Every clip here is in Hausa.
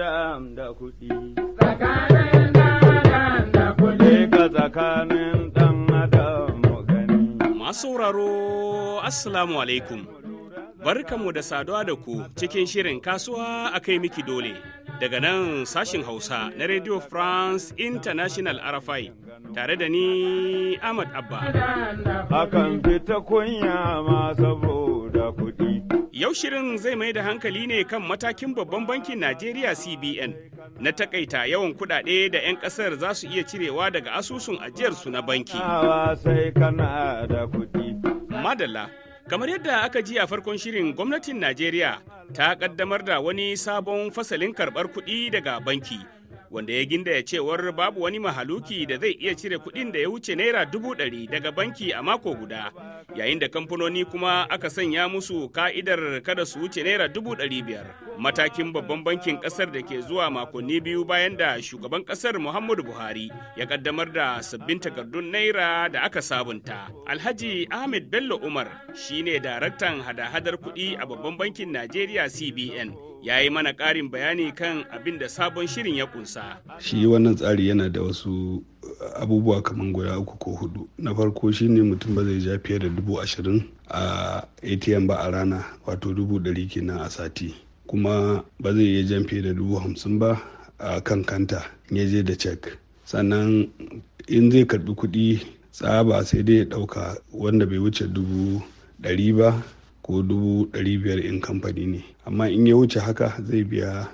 dam da kuɗi. Tsakanin dam da tsakanin dan adam gani. Masu Assalamu alaikum. Barkanmu da saduwa da ku cikin shirin kasuwa a kai miki dole. Daga nan sashin Hausa na Radio France International RFI tare da ni Ahmad Abba. Akan fita kunya ma saboda kuɗi. Yau shirin zai mai da hankali ne kan matakin babban bankin Najeriya CBN na takaita yawan kudade da 'yan kasar za su iya cirewa daga asusun ajiyarsu na banki. Madalla, kamar yadda aka ji a farkon shirin gwamnatin Najeriya ta kaddamar da wani sabon fasalin karɓar kuɗi daga banki. wanda ya gindaya cewar babu wani mahaluki da zai iya cire kuɗin da ya wuce naira dubu ɗari daga banki a mako guda yayin da kamfanoni kuma aka sanya musu ka'idar kada su wuce naira dubu ɗari biyar matakin babban bankin ƙasar da ke zuwa makonni biyu bayan da shugaban ƙasar muhammadu buhari ya kaddamar da sabbin takardun naira da aka sabunta alhaji ahmed bello umar shine daraktan hada-hadar kuɗi a babban bankin najeriya cbn ya yi mana ƙarin bayani kan abin da sabon shirin ya kunsa. Shi wannan tsari yana da wasu uh, abubuwa kamar guda uku ko hudu. Na farko shi ne mutum ba zai ja fiye da dubu ashirin a ATM ba a rana wato dubu ɗari kenan a sati. Kuma ba zai iya jan fiye da dubu hamsin ba a kan kanta ya je da cek. Sannan in zai karɓi kuɗi tsaba sai dai ya ɗauka wanda bai wuce dubu ɗari ba ko dubu ɗari biyar in kamfani ne amma in ya wuce haka zai biya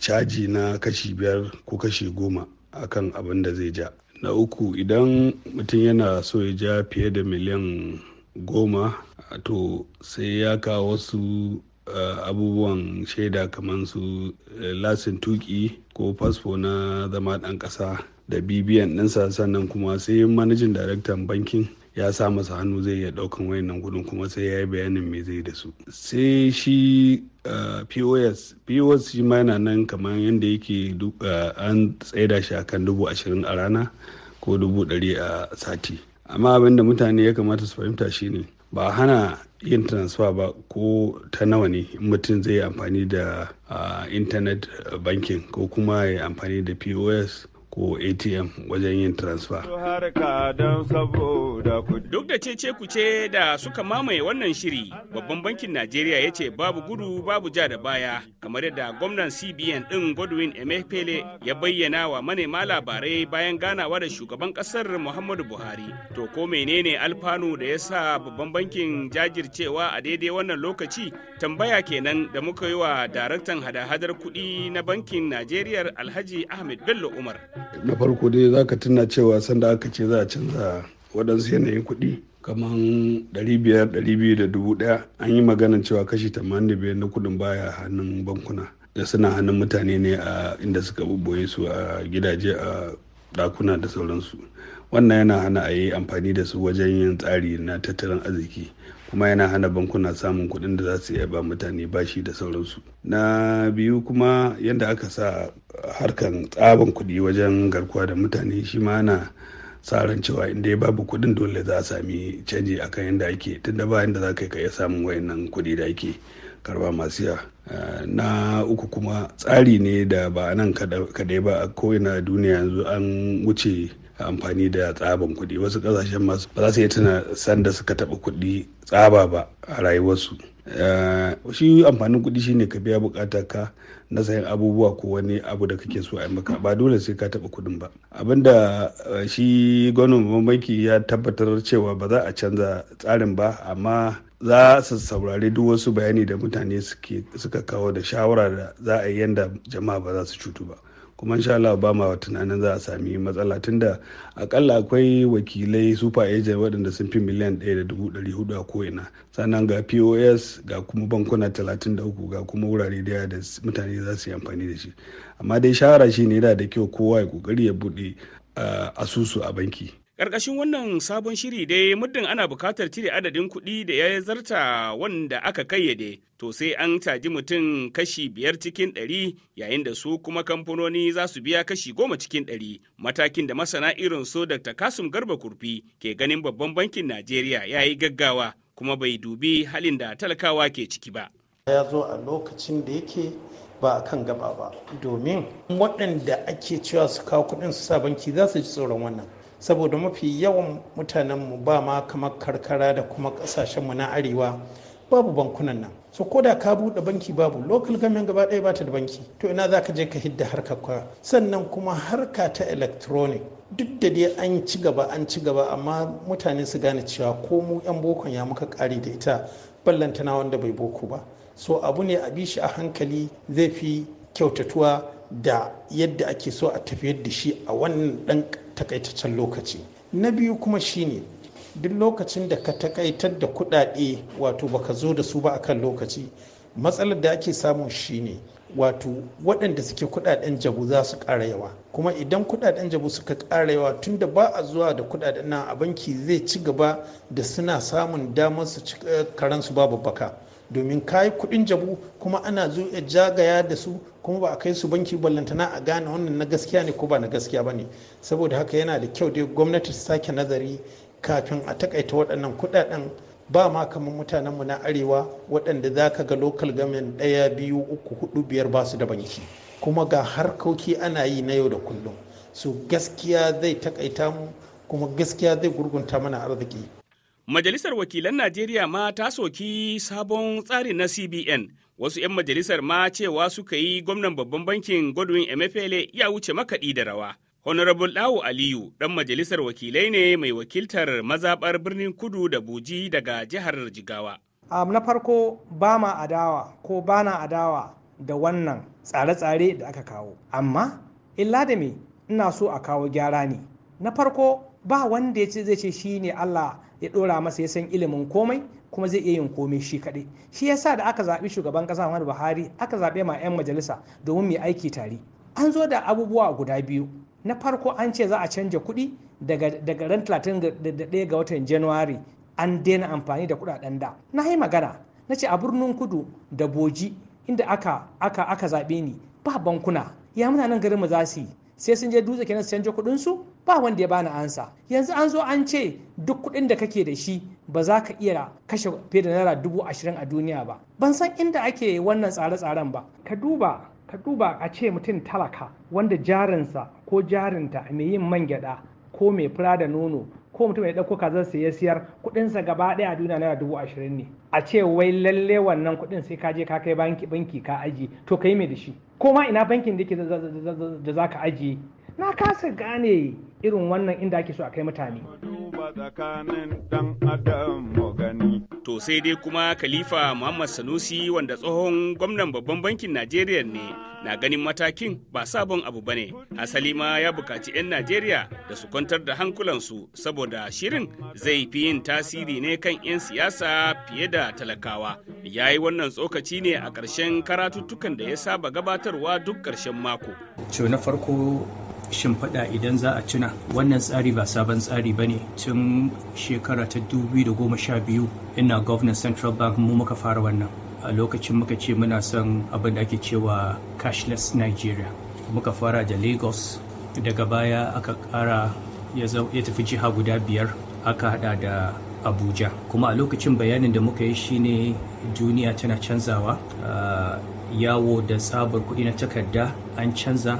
caji na kashi biyar ko kashi goma akan abin da zai ja na uku idan mutum yana so ya ja fiye da miliyan goma to sai ya kawo wasu Uh, abubuwan shaida kamar su uh, lasin tuki ko fasfo na zama ɗan ƙasa da bbn ɗinsa sannan kuma sai manajin daraktan bankin ya sa masa hannu zai iya daukan wayannan gudun kuma sai ya yi bayanin me zai da su sai shi eh, pos pos shi ma yana nan kamar yadda yake eh, an tsaida shi akan dubu ashirin a rana ko dubu ɗari a sati amma abin da mutane ya kamata su fahimta shine ba hana yin transfer ba ko ta nawa ne mutum zai amfani da intanet ah, internet banking ko kuma ya amfani da pos ko atm wajen yin transfer. duk da ce cece kuce da suka mamaye wannan shiri babban bankin najeriya ya ce babu gudu babu ja da baya kamar yadda gwamnan cbn din godwin emefele ya bayyana wa manema labarai bayan ganawa da shugaban ƙasar muhammadu buhari to ko menene alfanu da ya sa babban bankin jajircewa a daidai wannan lokaci tambaya kenan da muka yi wa daraktan hada-hadar kuɗi na bankin najeriya alhaji ahmed bello umar na farko dai za ka tuna cewa sanda aka ce za a canza waɗansu yanayin kuɗi kamar 500,000 an yi maganan cewa kashi 85 na kuɗin baya hannun bankuna da suna hannun mutane ne a inda suka bubboye su a gidaje a ɗakuna da sauransu wannan yana hana a yi amfani da su wajen yin tsari na tattalin arziki kuma yana hana bankuna samun kuɗin da za su iya ba mutane bashi da sauransu na biyu kuma yadda aka sa harkan tsaban kuɗi wajen garkuwa da mutane shi ma ana sa ran cewa inda ya babu kuɗin dole za a sami canji akan yadda ake tunda ba yadda za ka iya samun wayannan kuɗi da ake karba masu ya eh, na uku kuma tsari ne da ba nan kadai ba a ko'ina duniya yanzu an wuce amfani da tsaban kuɗi wasu ƙasashen masu ba za su iya tuna sanda suka taɓa kuɗi tsaba ba a rayuwarsu eh, shi amfanin kuɗi shine ka biya bukata ka na sayan abubuwa ko wani abu da kake so a yi maka ba dole sai ka taɓa kuɗin ba abinda eh, shi gwamnan mamaki ya tabbatar cewa ba za a canza tsarin ba amma za su saurari duk wasu bayani da mutane suka kawo da shawara da za a yi yadda jama'a ba za su cutu ba kuma insha Allah ba ma tunanin za a sami matsala tunda akalla akwai wakilai super agent waɗanda sun fi miliyan ɗaya a ko ina a ko'ina sannan ga pos ga kuma bankuna 33 ga kuma wurare da da mutane za su yi amfani da shi amma dai shahara shi ne da kyau kowa ya kokari ya buɗe ah, asusu a banki Ƙarƙashin wannan sabon shiri dai muddin ana buƙatar cire adadin kuɗi da ya zarta wanda aka kayyade, to sai an caji mutum kashi biyar cikin ɗari yayin da su kuma kamfanoni za su biya kashi goma cikin ɗari, matakin da masana irin su Dr. Kasum Garba Kurfi ke ganin babban bankin Najeriya ya yi gaggawa kuma bai dubi halin da talakawa ke ciki ba. Ya zo a lokacin da yake ba a kan gaba ba, domin waɗanda ake cewa su kawo kuɗin su sa banki za su ji tsoron wannan. saboda mafi yawan mutanenmu ba ma kamar karkara da kuma kasashenmu na arewa babu bankunan nan so ko da ka buɗe banki babu local government gaba ɗaya ba da banki to ina za ka je ka hidda harkar ka sannan kuma harka ta electronic duk da dai an ci gaba an ci gaba amma mutane su gane cewa ko mu 'yan bokon ya muka kare da ita ballantana wanda bai boko ba so abu ne a bi shi a hankali zai fi kyautatuwa da yadda ake so a tafiyar da shi a wannan ɗan takaitaccen lokaci na biyu kuma shine duk lokacin da ka takaitar da kudade wato baka zo da su ba akan lokaci matsalar da ake samu shine wato waɗanda suke kudaden jabu za su ƙara yawa kuma idan kudaden jabu suka ƙara yawa tun da ba a zuwa da kudaden nan a banki zai ci gaba da suna samun damar su eh, karansu babu baka domin kayi kudin jabu kuma ana zo ya jagaya da su kuma ba a kai su banki ballantana a gane wannan na gaskiya ne ko ba na gaskiya ba ne saboda haka yana da kyau dai gwamnati su sake nazari kafin a takaita waɗannan kuɗaɗen ba ma kamar mutanenmu na arewa waɗanda za ka ga lokal gamin ɗaya biyu uku hudu biyar ba su da banki kuma ga harkoki ana yi na yau da kullum su gaskiya zai takaita mu kuma gaskiya zai gurgunta mana arziki Majalisar Wakilan Najeriya ma ta soki sabon tsari na CBN. Wasu 'yan majalisar ma cewa suka yi gwamnan babban bankin Godwin Emefiele ya wuce makaɗi da rawa. Honorable Lawu Aliyu, ɗan majalisar wakilai ne mai wakiltar mazaɓar birnin kudu da buji daga jihar Jigawa. Um, na farko ba ma adawa ko ba na adawa da wannan tsare-tsare da aka kawo. Amma, illa da me ina so a kawo gyara ne. Na farko ba wanda ya ce zai ce shi ne Allah ya ɗora masa ya san ilimin komai kuma zai iya yin komai shi kaɗai shi yasa da aka zaɓi shugaban ƙasa Muhammadu Buhari aka zaɓe ma 'yan majalisa domin mai aiki tare an zo da abubuwa guda biyu na farko an ce za a canja kuɗi daga ran 31 ga watan Januwari an daina amfani da kuɗaɗen da na yi magana na ce a birnin kudu da boji inda aka aka aka zaɓe ni ba bankuna ya muna nan garin mu za su yi sai sun je dutse kenan su canja kuɗin su ba wanda ya bani ansa yanzu an zo an ce duk kuɗin da kake da shi ba za ka iya kashe fiye da naira dubu ashirin a duniya ba ban san inda ake wannan tsare-tsaren ba ka duba ka duba a ce mutum talaka wanda jarinsa ko jarinta mai yin man gyada ko mai fura da nono ko mutum ya ɗauko kazar sai ya siyar kuɗinsa gaba ɗaya a duniya naira dubu ashirin ne a ce wai lalle wannan kuɗin sai ka je ka kai banki banki ka ajiye to ka yi mai da shi ko ma ina bankin da ke da za ka ajiye na kasa gane irin wannan inda ake so a kai mutane. tsakanin dan To sai dai kuma Khalifa Muhammad Sanusi wanda tsohon gwamnan babban bankin Najeriya ne na ganin matakin ba sabon abu bane. Asali ma ya bukaci 'yan Najeriya da su kwantar da hankulansu saboda shirin zai fi yin tasiri ne kan 'yan siyasa fiye da talakawa. Ya yi wannan tsokaci ne a ƙarshen karatuttukan da ya saba gabatarwa duk ƙarshen mako. na farko shimfiɗa idan za a cina wannan tsari ba sabon tsari ba ne tun shekara ta da goma sha biyu. ina gwamnan central bank mu muka fara wannan a lokacin muka ce muna son abin da ake cewa cashless nigeria muka fara da lagos daga baya aka ƙara ya tafi jiha guda biyar aka hada da abuja kuma a lokacin bayanin da muka yi shine duniya tana canzawa yawo da tsabar kuɗi na takarda an canza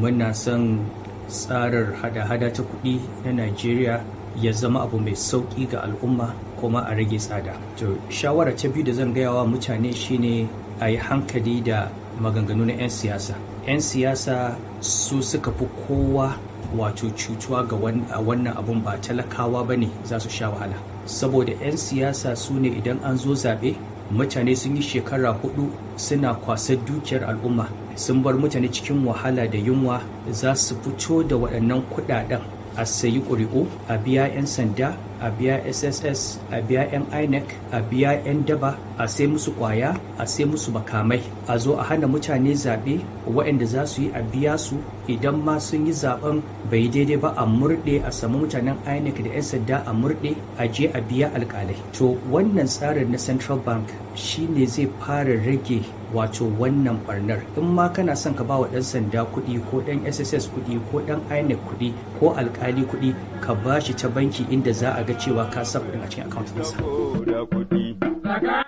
muna son Tsarar hada-hada ta kuɗi na najeriya ya zama abu mai sauƙi ga al'umma kuma a rage tsada to shawara ta biyu da zan gaya wa mutane shine a yi hankali da maganganu na 'yan siyasa 'yan siyasa su suka fi kowa wato cutuwa ga wannan abun ba talakawa ba ne za su sha wahala saboda 'yan siyasa su ne idan an zo zaɓe mutane sun yi shekara hudu suna kwasar dukiyar al'umma sun bar mutane cikin wahala da yunwa za su fito da waɗannan kuɗaɗen a sayi ƙuri'u a biya 'yan sanda a biya sss a biya yan inec a biya yan daba a sai musu kwaya a sai musu makamai a zo a hana mutane zaɓe waɗanda za su yi a biya su idan ma sun yi zaɓen bai daidai ba a murɗe a samu mutanen inec da yan sanda a murɗe a je a biya alƙalai to wannan tsarin na central bank shi ne zai fara rage wato wannan barnar in ma kana son ka ba wa ɗan sanda kuɗi ko ɗan sss kuɗi ko ɗan inec kuɗi ko alƙali kuɗi ka ba shi ta banki inda za a ga ga cewa ka sa kudin a cikin account ɗinsa.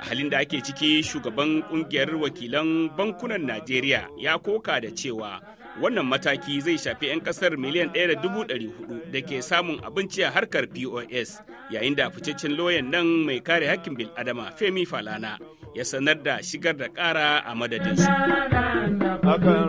halin da ake ciki shugaban kungiyar wakilan bankunan najeriya ya koka da cewa wannan mataki zai shafi 'yan kasar miliyan 1,400 da ke samun abinci a harkar pos yayin da ficaccen loyan nan mai kare hakkin bil'adama femi falana ya sanar da shigar da kara a madadin su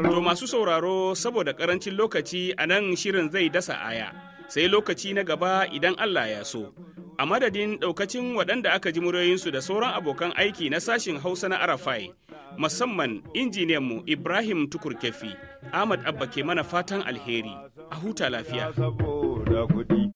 to masu sauraro saboda karancin lokaci a nan shirin zai dasa aya sai lokaci na gaba idan Allah ya so. A madadin ɗaukacin waɗanda aka ji muryoyinsu da sauran abokan aiki na sashin Hausa na Arafai, musamman injiniyanmu Ibrahim Tukurkefi, Ahmad Abba ke mana fatan alheri, a huta lafiya.